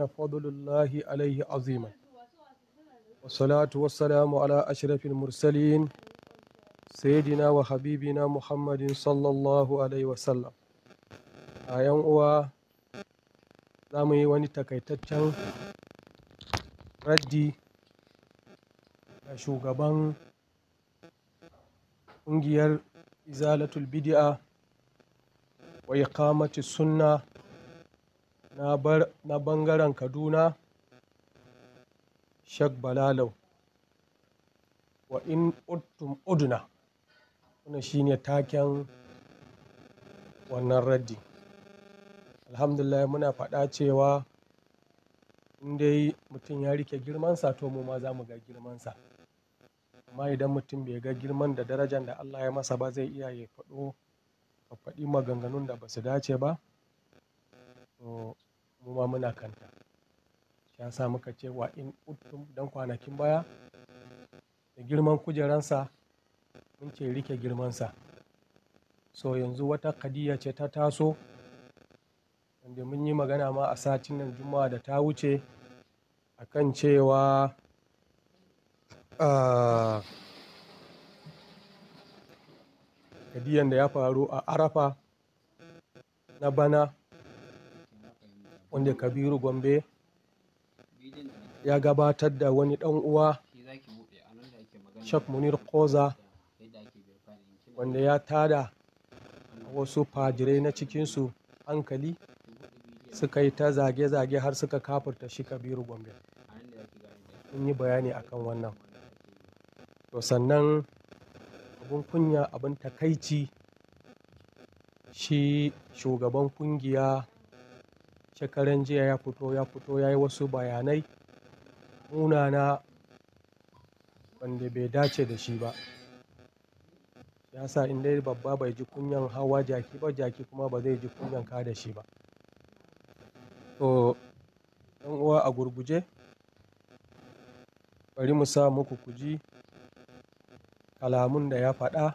وكان فضل الله عليه عظيما والصلاة والسلام على أشرف المرسلين سيدنا وحبيبنا محمد صلى الله عليه وسلم a yan uwa za mu yi wani takaitaccen raddi ga shugaban ƙungiyar izalatul bid'a wa iqamati sunna na, bar, na ɓangaren Kaduna Sheikh Balalau wa in uttum uduna wannan shine taken wannan raddi alhamdulillah muna faɗa cewa in dai mutum ya rike girmansa to mu ma za mu ga girmansa amma idan mutum bai ga girman da darajar da allah ya masa ba zai iya ya faɗo faɗi maganganun da ba su dace ba mu ma muna kanta. Ya sa muka ce wa in uttum dan kwanakin baya da girman kujeransa mun ce rike girmansa. So yanzu wata kadiya ce ta taso wanda mun yi magana ma a satin nan Juma'a da ta wuce a kan cewa uh, ah, kadiyan da ya faru a Arafa na bana wanda kabiru gombe ya gabatar da wani dan uwa shak munir koza wanda ya tada wasu fajirai na cikinsu hankali suka yi ta zage-zage har suka kafarta shi kabiru gombe in yi bayani akan wannan to sannan abin kunya abin takaici shi shugaban kungiya shekaran jiya ya fito ya fito ya yi wasu bayanai munana wanda bai dace da shi ba ya sa in dai babba bai ji kunyan hawa jaki ba jaki kuma ba zai ji kunyan ka da shi ba to ɗan uwa a gurguje bari mu sa muku kuji kalamun da ya faɗa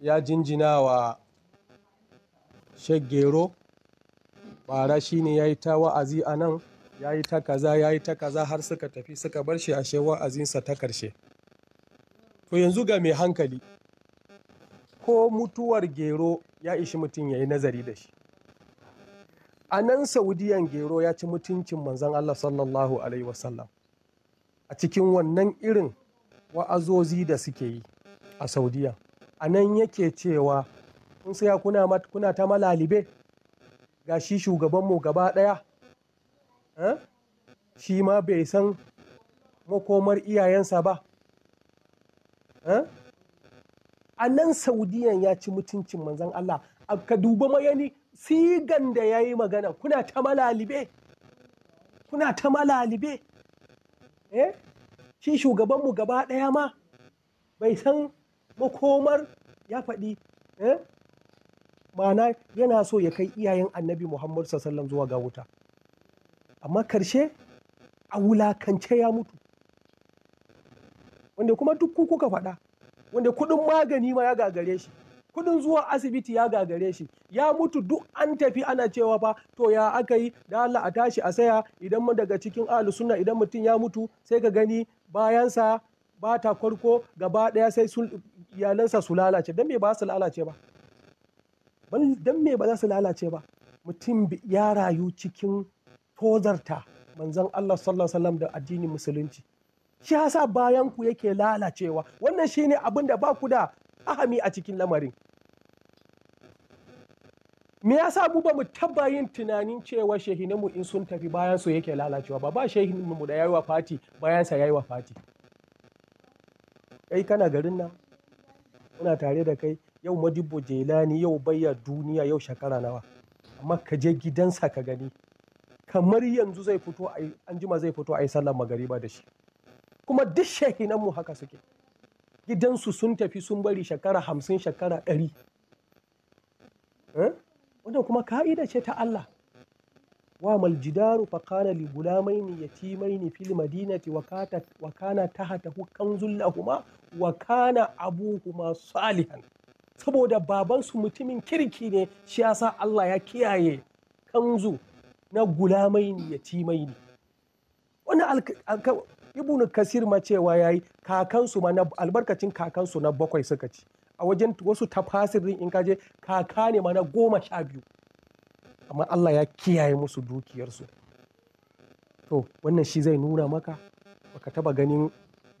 ya jinjina wa shaggero bara ne ya yi ta wa'azi a nan ya yi ta kaza ya yi ta kaza har suka tafi suka bar shi a ashe wa'azinsa ta karshe to yanzu ga mai hankali ko mutuwar gero ya ishi mutum ya yi nazari da shi a nan saudiyan gero ya ci mutuncin manzan allah sallallahu alaihi wasallam a cikin wannan irin wa'azozi da suke yi a Saudiyan. a nan yake cewa kun saya kuna, kuna ta malalibe ga shi shugabanmu gaba ɗaya eh? shi ma bai san makomar iyayensa ba eh? a nan saudiyan ya ci mutuncin manzan Allah ka duba mayani sigan da ya yi magana kuna ta malalibe kuna ta malalibe eh shi shugabanmu gaba ɗaya ma bai san makomar ya faɗi eh? ma'ana yana so ya kai iyayen annabi muhammadu sallam zuwa ga wuta amma karshe a wulakance ya mutu wanda kuma duk kuka faɗa wanda kuɗin magani ma ya gagare shi kuɗin zuwa asibiti ya gagare shi ya mutu duk an tafi ana cewa fa to ya aka yi da Allah a tashi a saya idan mu daga cikin ahlus sunna idan mutum ya mutu sai ka gani bayansa ba ta farko gaba ɗaya sai iyalansa su lalace don me ba su lalace ba don me ba za su lalace ba mutum ya rayu cikin tozarta manzon Allah sallallahu alaihi wasallam da addinin musulunci shi yasa bayan ku yake lalacewa wannan shine abin da ba ku da ahami a cikin lamarin me yasa mu ba mu taba yin tunanin cewa shehinanmu in sun tafi bayan su yake lalacewa ba ba shehinmu da yayi wa fati bayan sa yayi wa fati Kai kana garin nan? Muna tare da kai. Yau Modibo Jelani, yau baya duniya, yau shekara nawa. Amma ka je gidansa ka gani. Kamar yanzu zai fito an anjima zai fito ayi sallar magariba da shi. Kuma duk mu haka suke. Gidansu sun tafi sun bari shekara hamsin, shekara ɗari. Eh? kuma ka'ida ce ta Allah. وأما الجدار فكان لغلامين يتيمين في المدينة وكان تحته كنز لهما وكان أبوهما صالحا saboda babansu mutumin kirki ne shi yasa Allah ya kiyaye kanzu na gulamai ne yatimai ne wannan ibn kasir ma cewa yayi kakansu ma albarkacin kakansu na bakwai suka ci a wajen wasu tafasirin in ka je kaka ne mana goma sha biyu amma Allah ya kiyaye musu dukiyarsu to wannan shi zai nuna maka baka taba ganin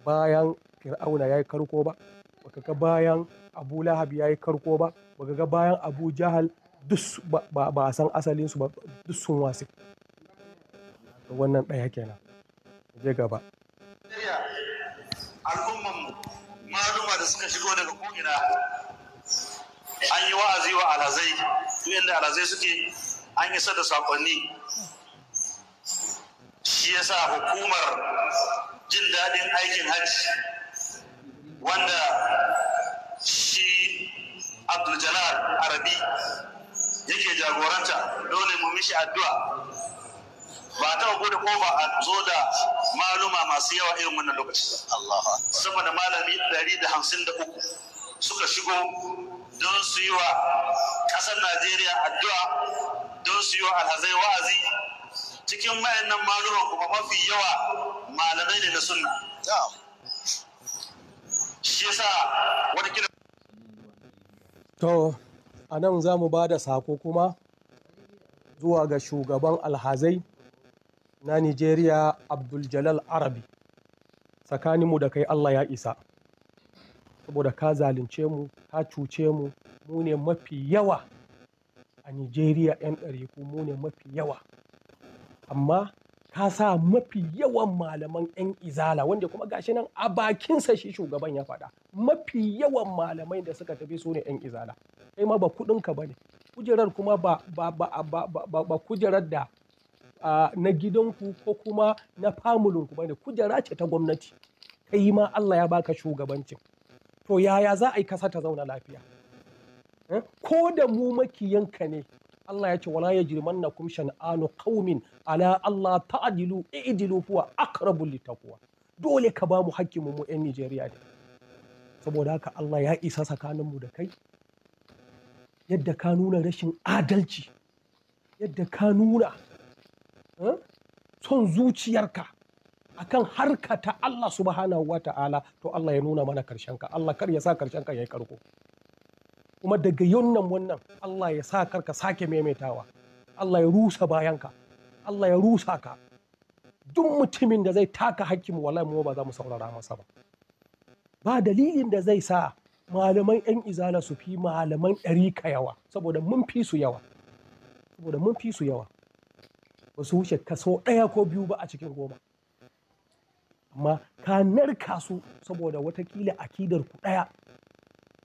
bayan fir'auna ya yi karko ba baka ga bayan abu lahab ya yi karko ba baka ga bayan abu jahal duk ba a san asalinsu ba duk sun wasi wannan ɗaya kenan je gaba al'umman maluma da suka shigo daga ko'ina an yi wa'azi wa alazai, duk inda alazai suke an isa da sakonni shi ya sa hukumar jin daɗin aikin hajji wanda shi abdul-jalal arabi yake jagoranta dole mu mishi addu'a ba ta bude ko ba a zo da maluma masu yawa irin wannan lokaci saboda da malami 153 suka shigo don su yi wa ƙasar najeriya addu'a don su yi wa alhazai wa'azi cikin nan maluwa kuma mafi yawa malamai ne na suna. shi yasa wani kira to a nan za mu ba da sako kuma zuwa ga shugaban alhazai na Nijeriya abdul jalal arabi tsakaninmu da kai allah ya isa saboda ka zalunce mu ka cuce mu mu ne mafi yawa a Nijeriya 'yan ɗariku mu ne mafi yawa amma ka sa mafi yawan malaman 'yan izala wanda kuma gashi nan a bakinsa shi shugaban ya faɗa mafi yawan malamai da suka tafi su ne 'yan izala kai ma ba kuɗinka ba ne kujerar kuma ba, ba, ba, ba kujerar da uh, na gidanku ko kuma na famulinku bane kujera ce ta gwamnati kai ma Allah ya baka shugabancin to yaya za a yi kasa ta zauna lafiya eh, ko da mu makiyanka ne Allah ya ce wala ya yajrimannakum shan'anu kaumin. ala Allah ta'dilu i'dilu a aqrabu littafuwa. dole ka ba mu hakkin mu 'yan Nijeriya ne saboda haka Allah ya isa tsakanin mu da kai yadda ka nuna rashin adalci yadda ka nuna eh, son zuciyarka akan harka ta Allah subhanahu wa ta'ala to Allah ya nuna mana karshen ka Allah kar ya sa karshen ka yayi karko kuma daga yunnan wannan Allah ya sa karka sake maimaitawa Allah ya rusa bayan ka Allah ya rusa ka duk mutumin da zai taka hakkin wallahi mu ba za mu saurara masa ba ba dalilin da zai sa malaman yan izala su fi malaman ka yawa saboda mun fi su yawa saboda mun fi su yawa ba su wuce kaso ɗaya ko biyu ba a cikin goma ma ka narka su saboda watakila akidar ku ɗaya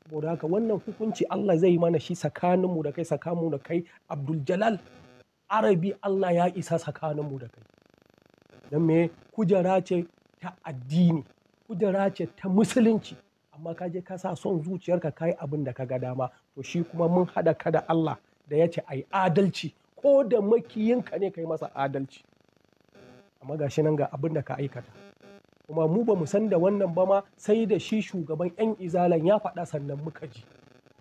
saboda haka wannan hukunci Allah zai mana shi tsakaninmu da kai tsakaninmu da kai Abdul Arabi Allah ya isa tsakaninmu da kai don me kujera ce ta addini kujera ce ta musulunci amma ka je ka sa son zuciyarka ka yi abin da ka ga dama to shi kuma mun haɗa ka da Allah da ya ce a adalci ko da makiyinka ne ka yi masa adalci amma ga shi nan ga abin da ka aikata kuma mu ba mu san da wannan ba ma sai da shi shugaban 'yan izalan ya faɗa sannan muka ji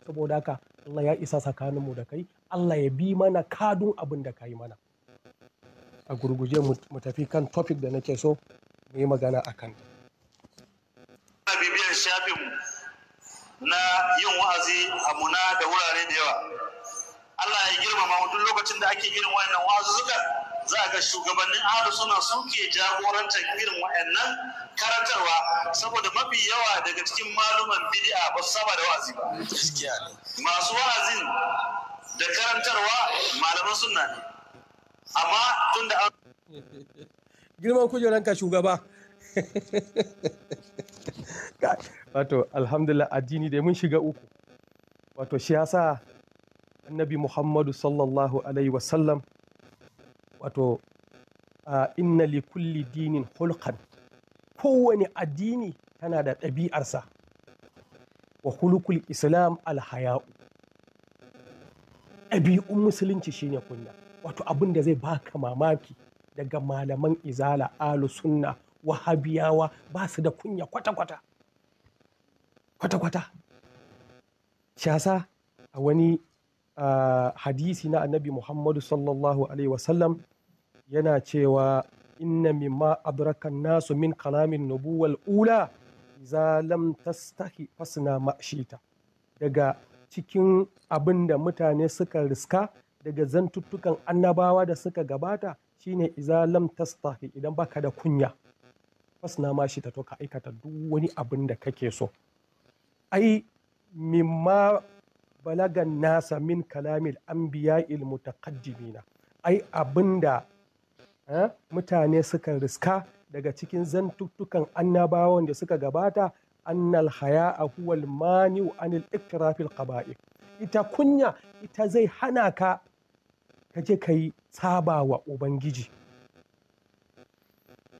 saboda haka Allah ya isa sakanin mu da kai Allah ya bi mana kadun abin da ka yi mana a gurguje mu tafi kan topic da nake so mu yi magana a kan bibiyar shafin na yin wa'azi a muna da wurare da yawa Allah ya girmama duk lokacin da ake irin wannan wa'azuzzukan za ga shugabannin ahalu suna suke jagorantar irin wa'annan karantarwa saboda mafi yawa daga cikin maluman bid'a ba su saba da wa'azi ba masu wa'azin da karantarwa malaman suna ne amma tun da an girman ka shugaba wato alhamdulillah addini da mun shiga uku wato shi yasa annabi muhammadu sallallahu alaihi wasallam wato inna li kulli dinin hulkan kowane addini tana da ɗabi'arsa wa hulukul islam alhaya'u ɗabi'un musulunci shine kunya wato abin da zai baka mamaki daga malaman izala alu sunna wahabiyawa ba su da kunya kwata-kwata kwata-kwata shasa a wani hadisi na annabi muhammadu sallallahu alaihi wasallam yana cewa inna mimma adrakan nasu min kalamin nubuwal ula za lam tastahi fasna daga cikin abin da mutane suka riska daga zantuttukan annabawa da suka gabata shine iza lam tastahi idan baka da kunya fasna ma to ka aikata duk wani abin da kake so ai mimma balagan nasa min kalamil biya ilmutakaddimina ai abinda mutane suka riska daga cikin zantuttukan annabawan da suka gabata annal a huwal mani'u anil iktirafil qaba'i ita kunya ita zai hana ka ka je ka yi saba wa ubangiji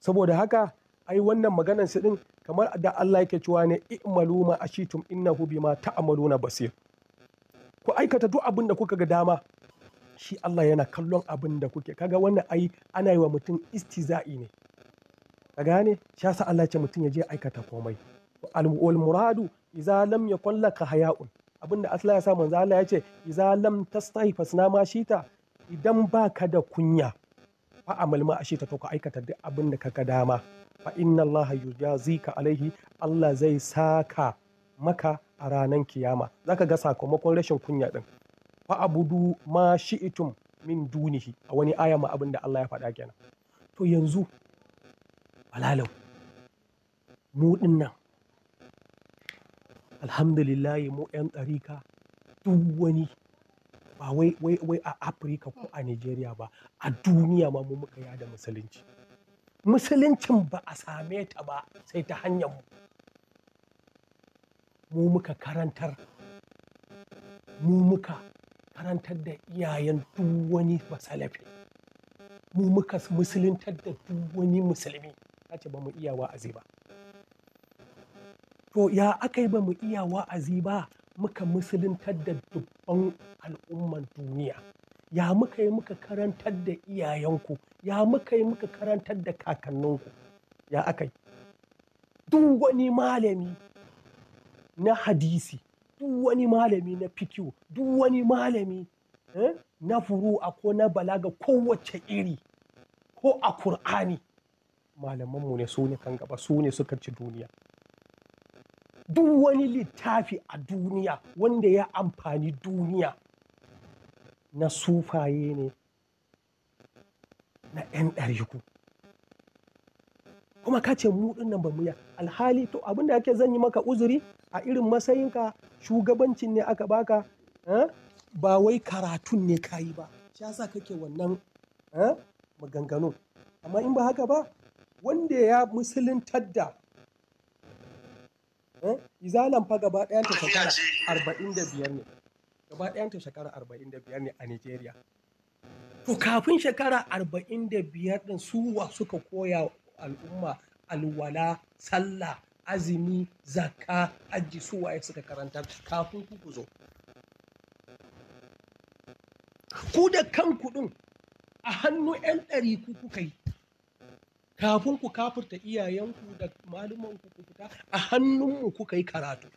saboda haka ai wannan maganar su din kamar da Allah yake cewa ne i'malu ma ashitum innahu bima ta'maluna basir ku aikata duk abin da kuka ga dama shi Allah yana kallon abin da kuke kaga wannan ai ana yi wa mutum istiza'i ne ka gane shi yasa Allah ce mutum ya je aikata komai al muradu idza lam yakun laka haya'un abinda asla ya sa manzo Allah ya ce idza lam tastahi fasna ma shita idan baka da kunya fa amal ma ashita to ka aikata duk abin da kaga dama fa inna Allah yujazika alaihi Allah zai saka maka a ranar kiyama Za ka ga sakamakon rashin kunya ɗin fa budu ma itum min dunihi a wani aya ma abin da Allah ya faɗa kenan to yanzu balalau mu nan. alhamdulillahi mu 'yan ɗarika duk wani ba wai a afirka ko a nigeria ba a duniya ma mu muka yada musulunci musuluncin ba a same ta ba sai ta hanyar mu mu muka karantar mu muka karantar da iyayen duk wani basalafi mu muka musuluntar da duk wani musulmi ta ce ba mu iya wa'azi ba to ya aka yi ba mu iya wa'azi ba muka musuluntar da dubban al'umman duniya ya muka yi muka karantar da iyayenku ya muka yi muka karantar da kakanninku ya aka yi duk wani malami na hadisi duk wani malami na fikiyo duk wani malami eh, na a ko na balaga kowace iri ko a kur'ani malamanmu ne su ne kan gaba su ne suka ci duniya duk wani littafi a duniya wanda ya amfani duniya na sufaye ne na 'yan ɗariku kuma ka ce mu ɗin nan ba mu ya alhali to abinda ake zan yi maka uzuri a irin matsayinka shugabancin ne aka baka ba wai karatun ne ka yi ba shi yasa kake wannan maganganun amma in ba haka ba wanda ya musuluntar da izalan fa gaba ɗayan ta shekara arba'in da biyar ne gaba ɗayan shekara arba'in da biyar ne a nigeria to kafin shekara arba'in da biyar ɗin suwa suka koya al'umma alwala sallah azumi zakka hajji su waye suka karanta kafin ku zo ku da kanku din a hannu 'yan ɗari ku kuka yi kafin ku kafirta iyayenku da malumanku ku ku fita a hannunmu kuka yi karatu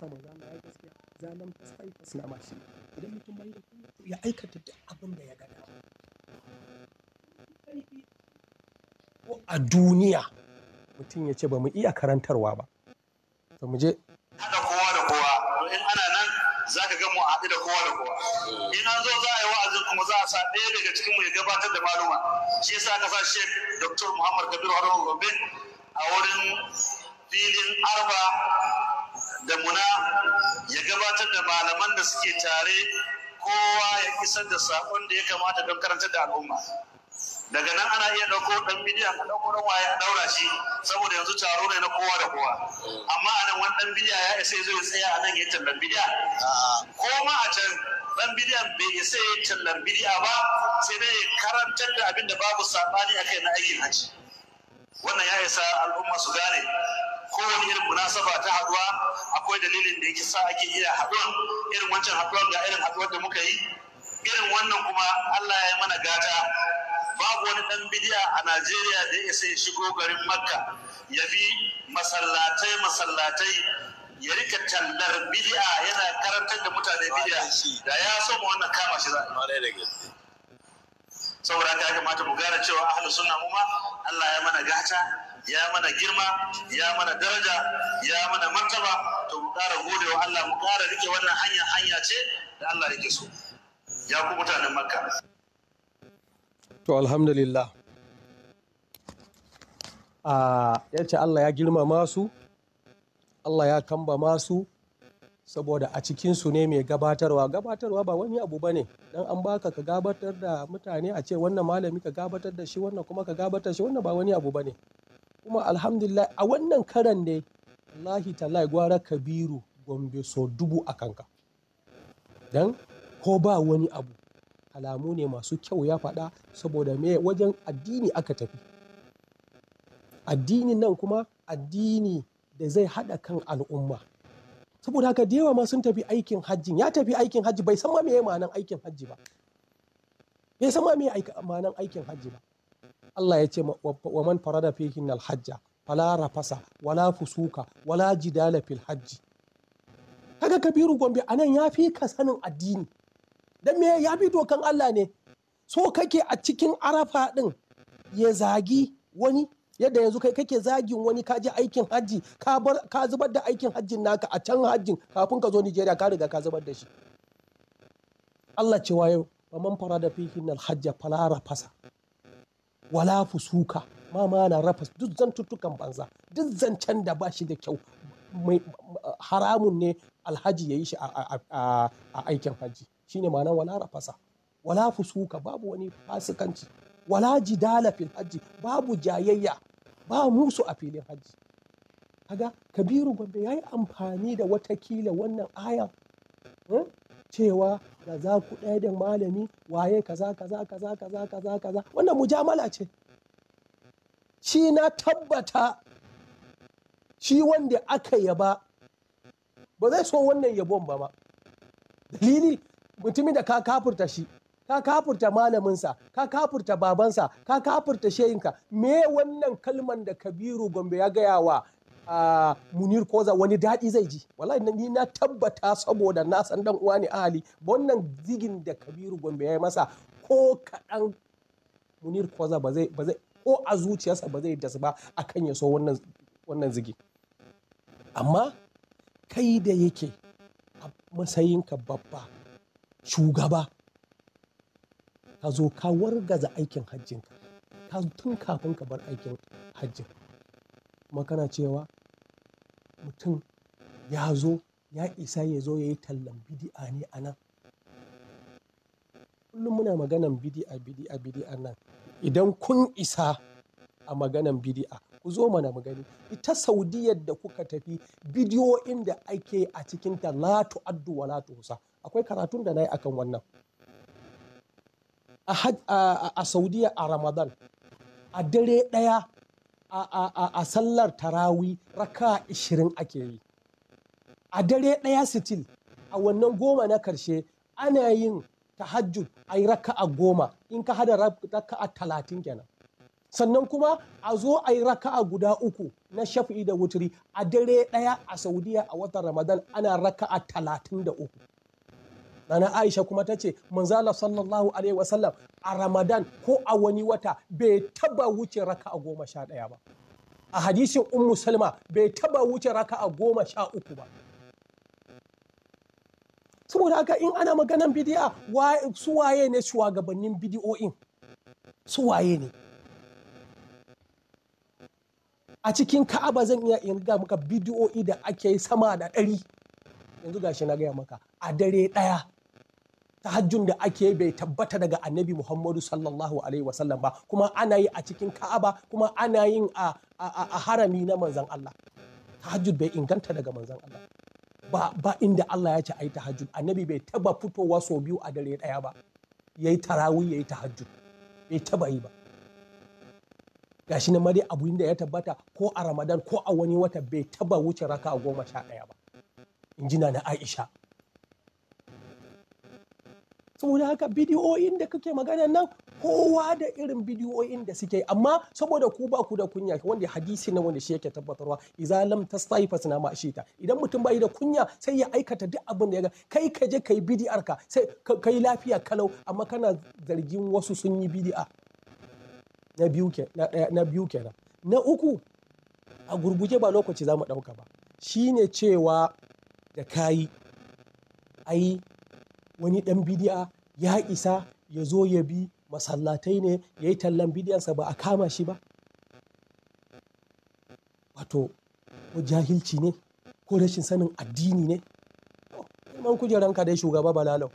sama za mu yi gaskiya za mu fasfai fasna mashi idan mutum bai da ya aikata duk abin da ya gada a duniya mutum ya ce ba mu iya karantarwa ba to mu je haɗa kowa da kowa to in ana nan za ka ga mu haɗu da kowa da kowa in an zo za a yi wa'azin kuma za a sa ɗaya daga cikin mu ya gabatar da maluma shi yasa ka sa Sheikh dr muhammad kabir haruna Gombe a wurin filin arba da muna ya gabatar da malaman da suke tare kowa ya isar da saƙon da ya kamata don karantar da al'umma daga nan ana iya ɗauko ɗan bidiya a ɗauko ɗan waye a ɗaura shi saboda yanzu taro ne na kowa da kowa amma a nan wani ɗan bidiya ya isa zai tsaya a nan ya tallan bidiya ko ma a can ɗan bidiyan bai isa ya tallan bidiya ba sai dai karantar da abin da babu saɓani akai na aikin hajji wannan ya isa al'umma su gane kowane irin munasaba ta haɗuwa akwai dalilin da yake sa ake iya haɗuwan irin wancan haɗuwan ga irin haɗuwar da muka yi irin wannan kuma Allah ya yi mana gata babu wani dan bidiya a Najeriya da ya sai shigo garin Makka ya bi masallatai masallatai ya rika tallar bidiya yana karantar da mutane bidiya da ya so mu wannan kama shi za a saboda haka ya kamata mu gara cewa ahlus sunna mu ma Allah ya mana gata ya mana girma ya mana daraja ya mana martaba to mu kara godewa Allah mu kara rike wannan hanya hanya ce da Allah yake so ya ku mutanen Makka To alhamdulillah. A ah, ce Allah ya girmama su, Allah ya kamba masu saboda a cikinsu ne mai gabatarwa. Gabatarwa ba wani abu ba ne, dan an baka ka gabatar da mutane a ce wannan malami ka gabatar da shi wannan kuma ka gabatar shi wannan ba wani abu ba ne. Kuma alhamdulillah a wannan karan ne, Allahi tallahi gwara kabiru Gombe so dubu a kanka. Dan ko ba wani abu alamu ne masu kyau ya faɗa saboda me wajen addini aka tafi. Addinin nan kuma addini da zai haɗa kan al'umma. Saboda haka da yawa ma sun tafi aikin hajjin ya tafi aikin hajji bai san ma me ma'anan aikin hajji ba. Bai san ma me ma'anan aikin hajji ba. Allah ya ce wa man farada fihin alhajja fala rafasa wala fusuka wala jidala fil hajji. Kaga Kabiru Gombe anan ya fi ka sanin addini. don me ya bi dokan Allah ne so kake a cikin arafa din ya zagi wani yadda yanzu kai kake zagin wani ka je aikin hajji ka zubar da aikin hajjin naka a can hajjin kafin ka zo Nijeriya ka riga ka zubar da shi Allah cewa yau wa man farada fihi al fala rafasa wala fusuka ma na rafas duk zan zantuttukan banza duk zancen da ba shi da kyau haramun ne alhaji ya yi shi a aikin hajji shine ma'ana wala rafasa wala fusuka babu wani fasikanci wala jidala fil hajji babu jayayya ba musu a filin hajji kaga kabiru gombe yi amfani da watakila wannan ayan eh, cewa da za ku ɗaya da malami waye kaza kaza kaza kaza kaza kaza wannan mujamala ce shi na tabbata shi wanda aka yaba ba zai so wannan yabon ba ma dalili mutumin da ka kafurta shi ka kafurta malaminsa ka kafurta babansa ka kafurta shayinka me wannan kalman da kabiru gombe ya gaya wa a munir koza wani daɗi zai ji wallahi ni na tabbata saboda na san dan uwa ne ahali wannan zigin da kabiru gombe ya yi masa ko kaɗan munir koza ba zai ko a zuciyarsa ba zai dasu ba akan ya so wannan wannan zigi amma kai da yake a matsayinka babba shugaba ka zo ka wargaza aikin hajjinka ka tun kafin ka bar aikin hajjin kuma kana cewa mutum ya zo ya isa ya zo ya yi tallan bidi'a ne a nan kullum muna maganan bidi'a bidi'a bidi'a nan idan kun isa a maganan bidi'a ku zo mana mu gani ita saudiyar da kuka tafi bidiyo inda ake a cikin ta la tu'addu wa akwai karatun da na yi akan wannan a saudiya a ramadan a dare ɗaya a sallar tarawi raka 20 ake yi a dare ɗaya sitil a wannan goma na karshe ana yin tahajjud a yi a goma in ka hada raka'a talatin kenan sannan kuma a zo a yi raka'a guda uku na shafi da wuturi a dare ɗaya a saudiya a watan ramadan ana raka'a talatin da uku Nana Aisha kuma ta ce manzala sallallahu alaihi wasallam a Ramadan ko a wani wata bai taba wuce raka a goma sha ɗaya ba. A hadisin Ummu Salma bai taba wuce raka a goma sha uku ba. Saboda haka in ana maganan bidiya su waye ne shugabannin bidi'o'in su waye ne. A cikin Ka'aba zan iya in ga maka bidiyo'i da ake sama da ɗari. yanzu gashi na gaya maka a dare ɗaya tahajjun da ake bai tabbata daga annabi muhammadu sallallahu alaihi wasallam ba kuma ana yi a cikin ka'aba kuma ana yin a, harami na manzan Allah tahajjud bai inganta daga manzan Allah ba, ba inda Allah ya ce a yi tahajjud annabi bai taba fitowa sau biyu a dare daya ba tarawi ya yayi tahajjud bai taba yi ba gashi na dai abu da ya tabbata ko a ramadan ko a wani wata bai taba wuce raka goma sha ɗaya ba in ji na aisha saboda haka bidiyoyin da kake magana nan kowa da irin bidiyoyin da suke amma saboda ku ba ku da kunya wanda hadisi na wanda shi yake tabbatarwa idza lam ma idan mutum bai da kunya sai ya aikata duk abin da ya ga kai ka je kai bidiyar ka sai kai lafiya kalau amma kana zargin wasu sun yi bidi'a na biyu eh, na biyu ke na uku a gurguje ba lokaci za mu ɗauka ba shine cewa da kayi ai wani ɗan bidiya ya isa ya zo ya bi masallatai ne ya yi tallan bidiyansa ba a kama shi ba wato ko jahilci ne ko rashin sanin addini ne man ka dai shugaba balalau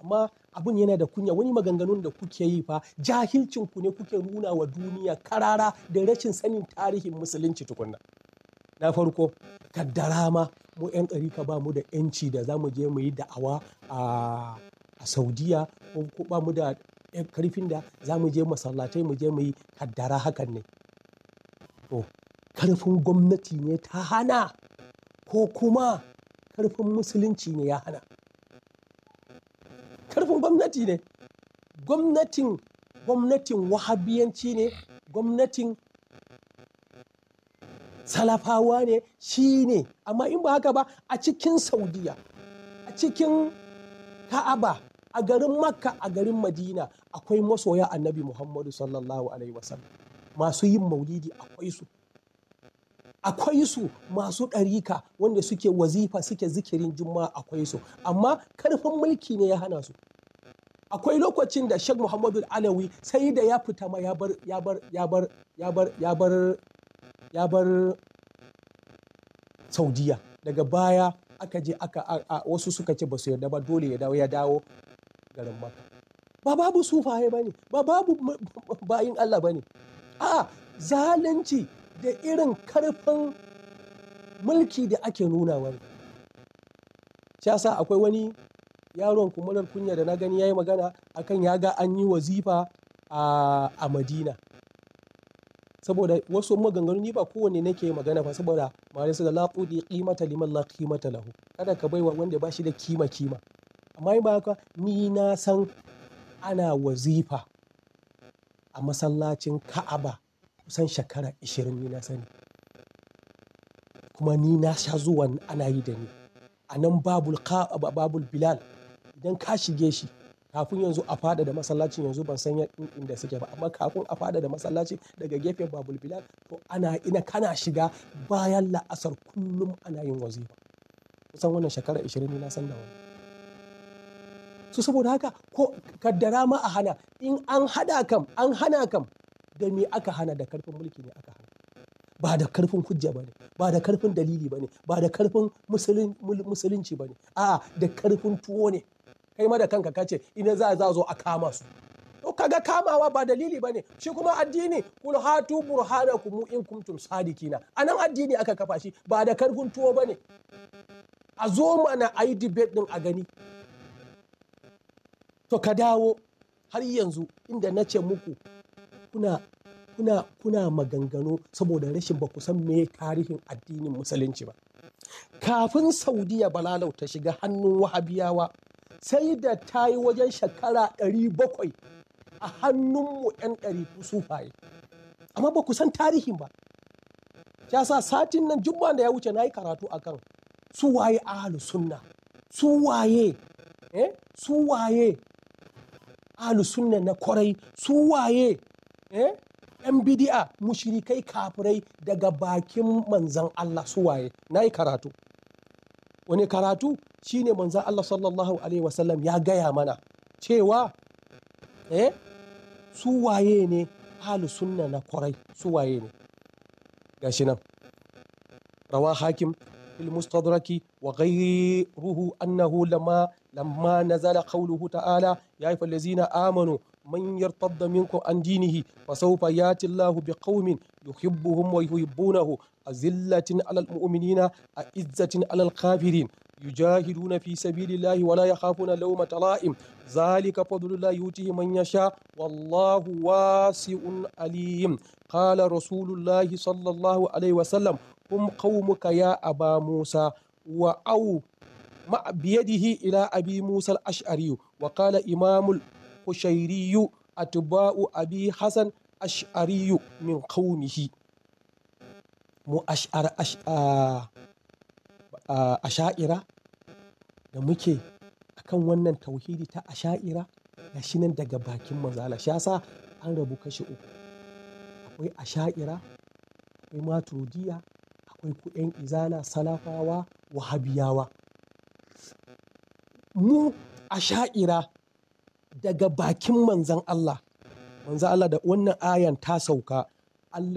amma abin yana da kunya wani maganganun da kuke yi fa jahilcinku ne kuke nuna wa duniya karara da rashin sanin tarihin musulunci tukunna. Na farko, kaddara ma mu 'yan ka ba mu da 'yanci da za mu je mu yi da'awa a Saudiyya ko ba mu da ƙarfin da za mu je masallatai mu je mu yi kaddara hakan ne. To, ƙarfin gwamnati ne ta hana ko kuma ƙarfin musulunci ne ya hana. Ƙarfin gwamnati ne. Gwamnatin, gwamnatin wahabiyanci ne, gwamnatin salafawa ne shi ne amma in ba haka ba a cikin saudiya a cikin ka'aba a garin makka a garin madina akwai masoya annabi muhammadu sallallahu alaihi wasallam masu yin maulidi akwai su akwai su masu ɗarika wanda suke wazifa suke zikirin juma'a akwai su amma karfin mulki ne ya hana su akwai lokacin da sheikh muhammadu alawi sai da ya fita ma ya bar ya bar saudiya daga baya aka je aka wasu suka ce ba su yarda ba dole ya dawo ya dawo garin maka ba babu sufaye ba ne ba babu bayin allah ba ne a zalunci da irin karfin mulki da ake nuna wani sa akwai wani yaron kumarar kunya da na gani ya yi magana akan ya ga an yi wazifa a madina saboda wasu maganganu ni ba kowane nake magana ba saboda mare su da la tudi liman la lahu kada ka baiwa wanda ba shi da kima kima amma ba ni na san ana wazifa a masallacin Ka'aba kusan shekara 20 ni na sani kuma ni na sha zuwa ana yi da ni a nan babul bilal idan ka shige shi kafin yanzu a fada da masallacin yanzu ban san inda suke ba amma kafin a fada da masallaci daga gefen babul bilal to ana ina kana shiga bayan la'asar kullum ana yin wazifa kusan wannan shekara 20 na san da wani su saboda haka ko kaddara ma a hana in an hada kam an hana kam da me aka hana da karfin mulki ne aka hana ba da karfin hujja bane, ba da karfin dalili bane, ba da karfin musulunci bane. a'a da karfin tuwo ne kai ma da kanka kace ina za za zo a kama su to kaga kamawa ba dalili bane shi kuma addini kul hatu burhanakum in kuntum sadikina anan addini aka kafa shi ba da karfin tuwo bane a zo mana ayi debate din a gani to ka dawo har yanzu inda na ce muku kuna kuna kuna maganganu saboda rashin ba ku san me tarihin addinin musulunci ba kafin saudiya balalau ta shiga hannun wahabiyawa sai da ta yi wajen shekara ɗari bakwai, a hannunmu 'yan ɗari sufaye amma ba ku san tarihin ba ya sa satin nan jumma da ya wuce na yi karatu akan su waye ahalus sunna su waye eh? su waye ahalus sunna na kwarai su waye eh? bidi'a yan bidi'a kai kafirai daga bakin manzan Allah su waye na yi karatu wani karatu shine manzan Allah sallallahu alaihi wasallam ya gaya mana cewa eh su waye ne ahlu sunna na kwarai su waye ne gashi nan rawa hakim fil mustadraki wa ghayruhu annahu lama lamma nazala qawluhu ta'ala ya ayyuhal ladzina amanu manyar yartadda minkum an dinihi fa sawfa yati Allahu biqaumin yuhibbuhum wa yuhibbunahu أذلة على المؤمنين أعزة على الكافرين يجاهدون في سبيل الله ولا يخافون لومة لائم ذلك فضل الله يؤتيه من يشاء والله واسع عليم قال رسول الله صلى الله عليه وسلم هم قومك يا أبا موسى وأو ما بيده إلى أبي موسى الأشعري وقال إمام الخشيري أتباع أبي حسن أشعري من قومه mu a asha'ira da muke a kan wannan tauhidi ta asha'ira shi nan daga bakin Manzala. Shi an rabu kashi uku. Akwai asha'ira, akwai maturudiya akwai kuɗin Izana, salafawa, wahabiyawa. Mu a sha'ira daga bakin Manzan Allah. manzan Allah da wannan ayan ta sauka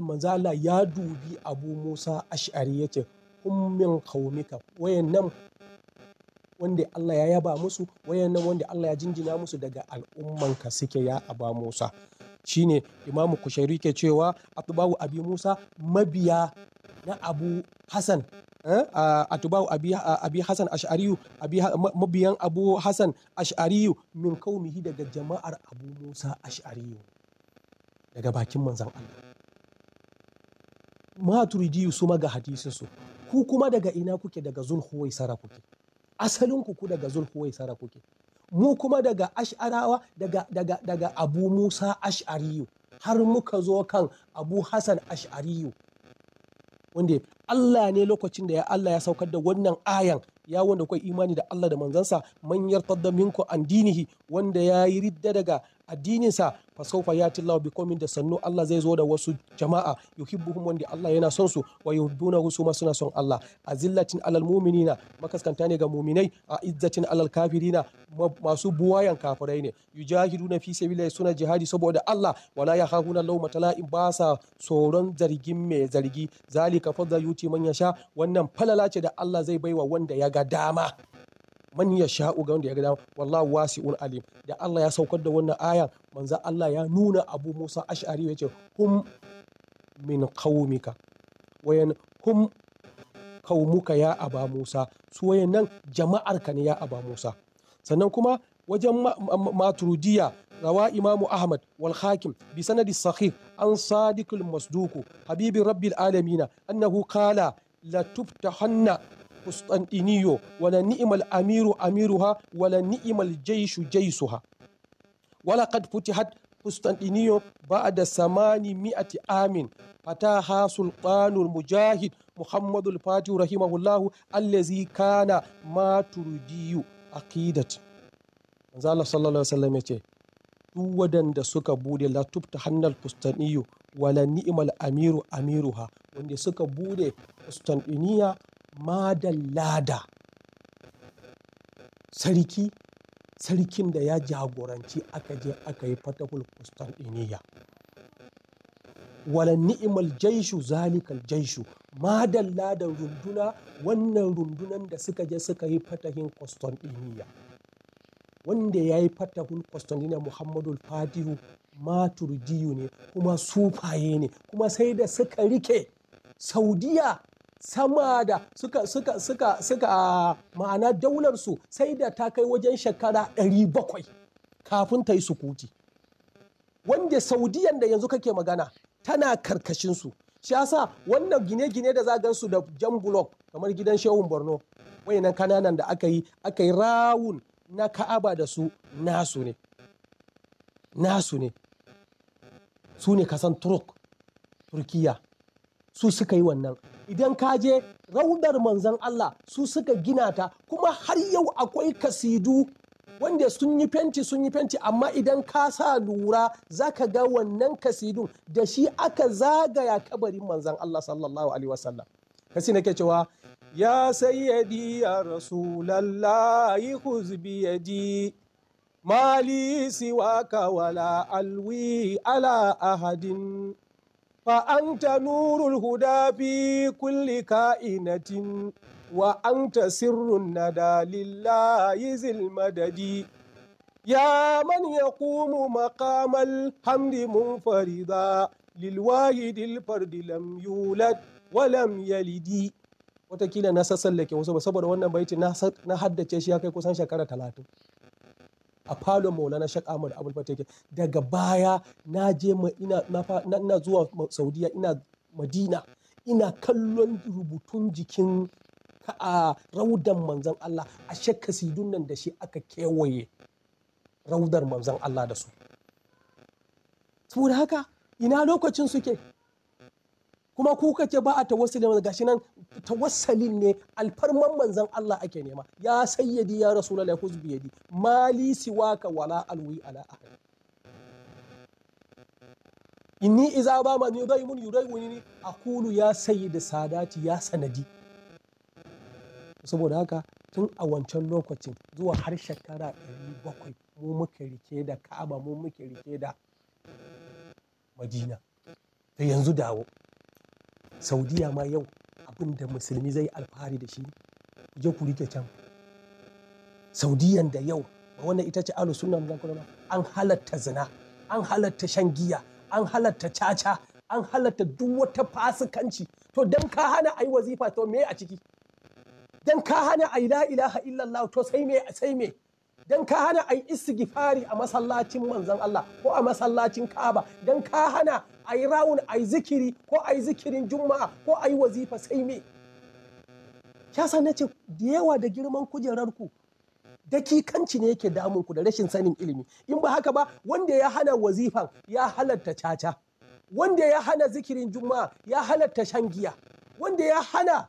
manzala ya dubi abu musa ash'ari ya ce ummin qaumika wayannan wanda Allah ya yaba musu wayannan wanda Allah ya jinjina musu daga al'ummanka suke ya aba musa shine imamu kushari ke cewa atubawu abi musa mabiya na abu hassan eh, atubawu abi hassan ash'ariyu mabiyan abu hassan ash'ariyu min kaumihi daga jama'ar abu musa ash'ariyu daga bakin manzan Allah maturidiyu su maga hadisin su ku kuma daga ina kuke daga zulhuwai sara kuke asalin ku daga zulhuwai sara kuke mu kuma daga ash'arawa daga daga daga abu musa ash'ariyu har muka zo kan abu hassan ash'ariyu wanda Allah ne lokacin da ya Allah ya saukar da wannan ayan ya wanda kai imani da Allah da manzansa man yartadda minku an dinihi wanda ya yi ridda daga addininsa fa ya ya Allahu da sannu Allah zai zo da wasu jama'a yuhibbuhum wanda Allah yana son su wa yuhibbunahu su ma suna son Allah azillatin alal mu'minina makaskanta ne ga mu'minai a izzatin alal kafirina masu buwayan kafirai ne yujahiduna fi sabilillah suna jihadi saboda Allah wala ya yakhafuna lawma laumatala ba sa tsoron zargin mai zargi zalika fadla yuti man yasha wannan falala ce da Allah zai baiwa wanda ya ga dama man yasha'u ga wanda ya ga dama wallahu wasi'un alim da Allah ya saukar da wannan aya manzo Allah ya nuna Abu Musa Ash'ari yace hum min qaumika wayan hum qaumuka ya Aba Musa su wayannan jama'ar ka ne ya Aba Musa sannan kuma wajen maturudiya rawa imamu ahmad wal hakim bi sanadi sahih an sadiqul masduku habibi rabbil alamina annahu qala la tuftahanna Kustantiniyo wala ni'imal amiru amiruha wala ni'imal jaishu jaisuha wala kad futihat Kustantiniyo ba'da samani mi'ati amin fataha sultanul mujahid Muhammadul Fatih rahimahullahu allazi kana ma turdiyu aqidat manzo Allah sallallahu alaihi wasallam yace duk wadanda suka bude la tubta hannal kustaniyu wala ni'imal amiru amiruha wanda suka bude kustantiniya madan Lada, sarki sarkin da ya jagoranci aka je aka yi fatahul Constantiniya. wala ni'imal jaishu zalikal jaishu madalla da runduna wannan rundunan da suka je suka yi fatahin iniya wanda ya yi fatahul Constantiniya muhammadul fatihu maturjiyu ne kuma sufaye ne kuma sai da suka rike saudiya sama da suka suka suka suka ma'ana daular su sai da ta kai wajen shekara 700 kafin ta yi sukuti wanda saudiyan da yanzu kake magana tana karkashin su shi yasa wannan gine-gine da za su da jan block kamar gidan shehun borno wayannan kananan da aka yi aka yi rawun na ka'aba da su nasu ne nasu ne su ne kasan turk turkiya su suka yi wannan idan ka je raudar manzan Allah su suka gina ta kuma har yau akwai kasidu wanda sun yi fenti sun yi fenti amma idan ka sa lura za ka ga wannan kasidun da shi aka zagaya kabarin manzan Allah sallallahu alaihi wasallam kasi nake cewa ya sayyadi ya rasulallahi huzbi yadi mali siwaka wala alwi ala ahadin fa'anta an ta nurul huda bi ka'inatin wa'anta sirrin ta na dalilai zilmadadi ya manya ya kumu makamal hamdi mun fari ba lilwahi dilfar dilam yulad walam yalidi watakila na sassan da ke wasu saboda wannan baitin na haddace shi ya kai kusan shekara talatin a falon maulana shak ahmad abul fatake daga baya na je ina, na zuwa saudiya ina madina ina kallon rubutun jikin a raudan manzan allah a kasidun nan da shi aka kewaye raudar manzan allah da su saboda haka ina lokacin suke kuma ku kake ba a tawassuli manzo gashi nan tawassalin ne alfarman manzon Allah ake nema ya sayyidi ya rasulullahi khuz bi yadi mali siwaka wala alwi ala ahad inni iza ba ma yudaimun yudaimuni aqulu ya sayyidi sadati ya sanadi saboda haka tun a wancan lokacin zuwa har shekara 700 mu muke rike da ka'aba mu muke rike da madina da yanzu dawo saudiya ma yau abin da musulmi zai alfahari da shi je ku rike can saudiyan da yau wannan ita ce alu sunan zan kuma an halatta zina an halatta shan giya an halatta caca an halatta duk wata fasikanci to dan ka hana ayi wazifa to me a ciki dan ka hana ayi la ilaha illallah to sai me sai me dan ka hana a yi istighfari a masallacin manzon Allah ko a masallacin Ka'aba dan ka hana a yi rawun a yi zikiri ko a yi zikirin juma'a ko a yi wazifa sai me ya san nace da yawa da girman kujerar ku dakikanci ne yake damun ku da rashin sanin ilimi in ba haka ba wanda ya hana wazifan ya halatta caca wanda ya hana zikirin juma'a ya halatta shan giya wanda ya hana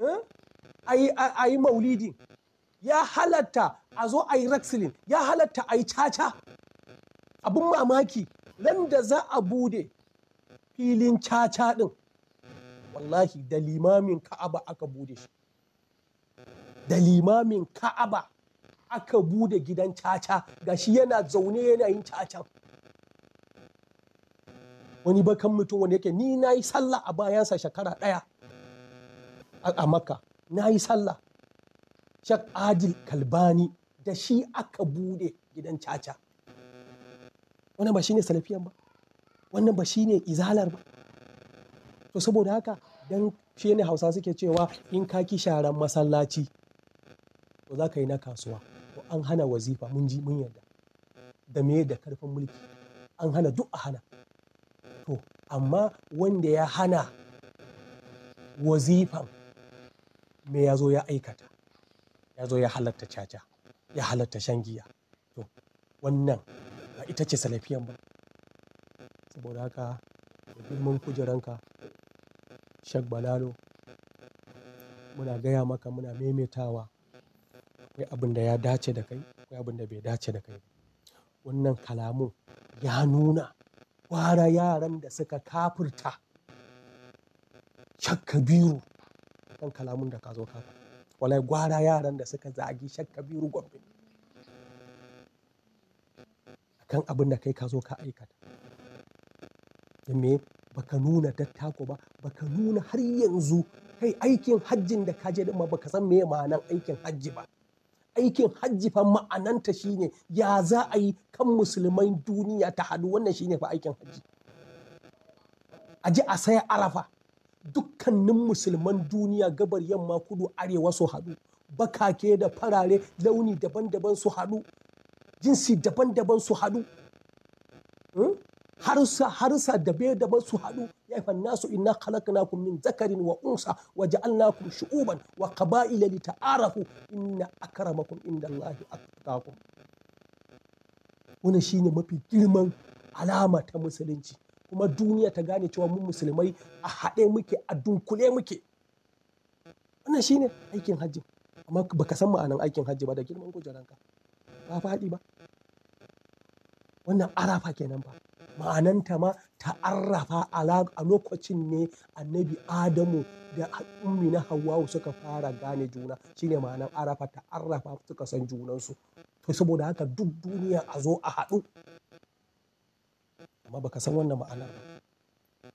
eh, a yi maulidin ya halatta a zo a yi wrestling ya halatta a yi caca abin mamaki nan da za a bude filin caca din wallahi da limamin ka'aba aka bude shi da limamin ka'aba aka bude gidan caca shi yana zaune yana yin caca wani bakan mutum wani yake ni na yi sallah a bayansa shekara ɗaya a makka na yi sallah Shak Adil Kalbani da shi aka bude gidan caca. Wannan ba shi ne salafiyan ba, wannan ba shi ne izalar ba. To saboda haka don shi ne hausa suke cewa in ka ki sharan masallaci to za ka yi na kasuwa. To an hana wazifa mun ji mun yarda. Da me da karfin mulki an hana duk a hana. To amma wanda ya hana wazifan me ya zo ya aikata. ya zo ya halatta caca ya halatta shan giya to wannan ba ita ce salafiyan ba saboda haka girman kujeranka Shag balalo muna gaya maka muna maimaitawa akwai abin da ya dace da kai akwai abin da bai dace da kai wannan kalamun ya nuna kwara yaran da suka kafurta shakka kabiru kan kalamun da ka zo kafa wala gwara yaran da suka zagi shakkabiru A kan abin da kai ka zo ka aikata me baka nuna dattako ba baka nuna har yanzu kai aikin hajjin da ka je din ma baka san me ma'anan aikin hajji ba aikin hajji fa ma'ananta shine ya za a yi kan musulmai duniya ta hadu wannan shine fa aikin hajji a ji a saya arafa dukkanin musulman duniya gabar yamma kudu arewa su haɗu bakake da farare launi daban-daban su haɗu jinsi daban-daban su haɗu hmm? harsa harsa da bai daban su haɗu ya ina nasu inna khalaqnakum min zakarin wa unsa wa ja'alnakum shi'uban wa qaba'ila li ta'arafu inna akramakum indallahi atqakum wannan shine mafi girman alama ta musulunci kuma duniya ta gane cewa mu musulmai a haɗe muke a dunkule muke wannan shine aikin hajji amma baka san ma'anan aikin hajji ba da girman gujaranka ba faɗi ba wannan arafa kenan ba ta ma ta arrafa a lokacin ne annabi adamu da ummi na hawawu suka fara gane juna shine ma'anan arafa ta arrafa suka san junansu to saboda haka duk duniya a zo a haɗu amma baka san wannan ma'anar ba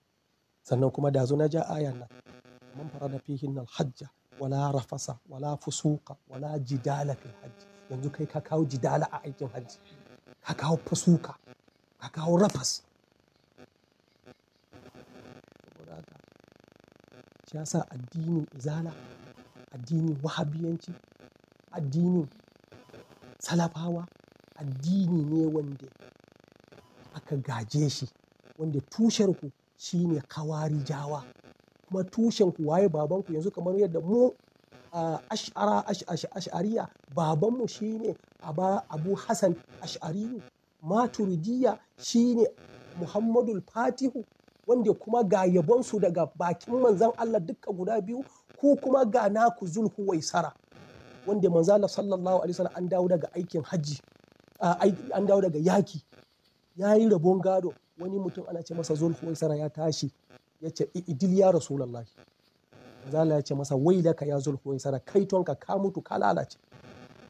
sannan kuma da zo na ja ayan nan man farada fihin nan hajja wala rafasa wala fusuka wala jidala fil hajj yanzu kai ka kawo jidala a aikin hajji ka kawo fusuka ka kawo rafas shi sa addinin izala addinin wahabiyanci addinin salafawa addini ne wanda Ka gaje shi wanda tushen ku kawari jawa. kuma tushen ku waye baban ku yanzu kamar yadda mu ash'ara ash'ariya baban mu shine abu hassan ash'ariyu maturidiyya shine muhammadul fatihu wanda kuma ga yabonsu daga bakin manzan Allah dukka guda biyu ku kuma ga naku zulhu waisara wanda manzan Allah sallallahu alaihi wasallam an dawo daga aikin haji an dawo daga yaki ya yi rabon gado wani mutum ana ce masa sara ya tashi ya ce idil ya rasulullahi zala ya ce masa wai laka ya kai tonka ka mutu ka lalace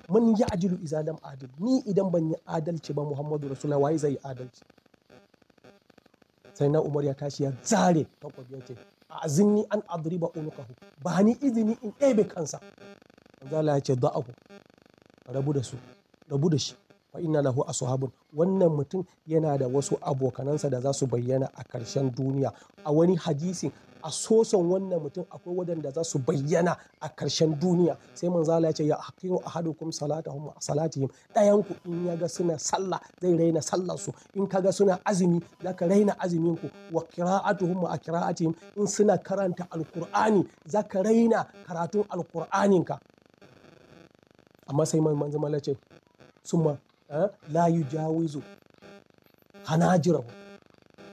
man ya ajilu izalam adil ni idan ban yi adalci ba muhammadu rasulullahi waye zai adalci sai na umar ya tashi ya zare takwabi ya ce a zini an adriba unukahu ba ni izini in ɗebe kansa zala ya ce da'ahu rabu da su rabu da shi fa inna lahu ashabun wannan mutum yana da wasu abokanansa da za su bayyana a ƙarshen duniya a wani hadisi, a soson wannan mutum akwai waɗanda za su bayyana a ƙarshen duniya sai manzo Allah ya ce ya haqiru ahadukum salatahum salatihim dayan ku in ya ga suna sallah zai raina sallar su in ka ga suna azumi zaka raina azumin ku wa qira'atuhum a qira'atihim in suna karanta alqur'ani zaka raina karatun alqur'anin amma sai manzo Allah ya ce summa Eh? la yujawizu hanajirahu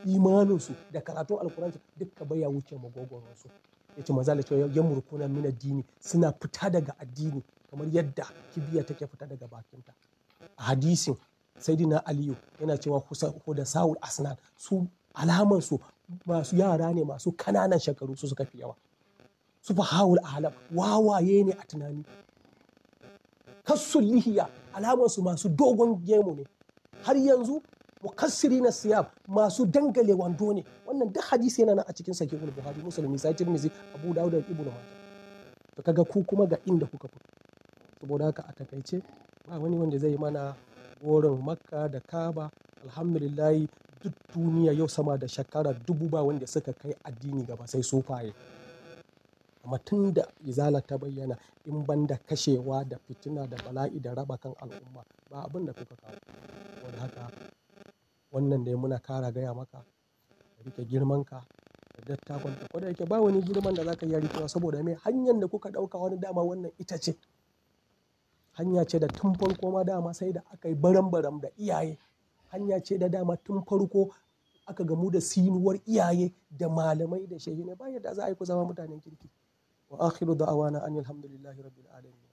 imaninsu da karatun alkuranta dukka baya wuce magogoronsu ya ce maza da cewa ya murkuna min addini suna fita daga addini kamar yadda kibiya take fita daga bakinta a hadisin saidina aliyu yana cewa ko da sa'ul asnan su alaman su masu yara ne masu kananan shekaru su suka fi yawa su fa haul alam wawaye ne a tunani kassul lihiya su masu dogon gemu ne har yanzu mukassiri na siyab masu dangale wando ne wannan duk hadisi yana nan a cikin sahihul buhari musulmi sai tirmizi abu dawud da ibnu majah kaga ku kuma ga inda kuka fito saboda haka a takaice ba wani wanda zai mana gorin makka da kaba alhamdulillahi duk duniya yau sama da shekara dubu ba wanda suka kai addini gaba sai sufaye matunda tun da izala ta bayyana in ban da kashewa da fitina da bala'i da raba kan al'umma ba abin da kuka kawo. wanda haka wannan ya muna kara gaya maka ka riƙe girmanka da dattakonka. Ko da yake ba wani girman da za ka iya saboda me? Hanyar da kuka ɗauka wani dama wannan ita ce. Hanya ce da tun farko ma dama sai da aka yi baram-baram da iyaye. Hanya ce da dama tun farko aka gamu da sinuwar iyaye da malamai da ne Ba yadda za a yi ku zama mutanen kirki. واخر دعوانا ان الحمد لله رب العالمين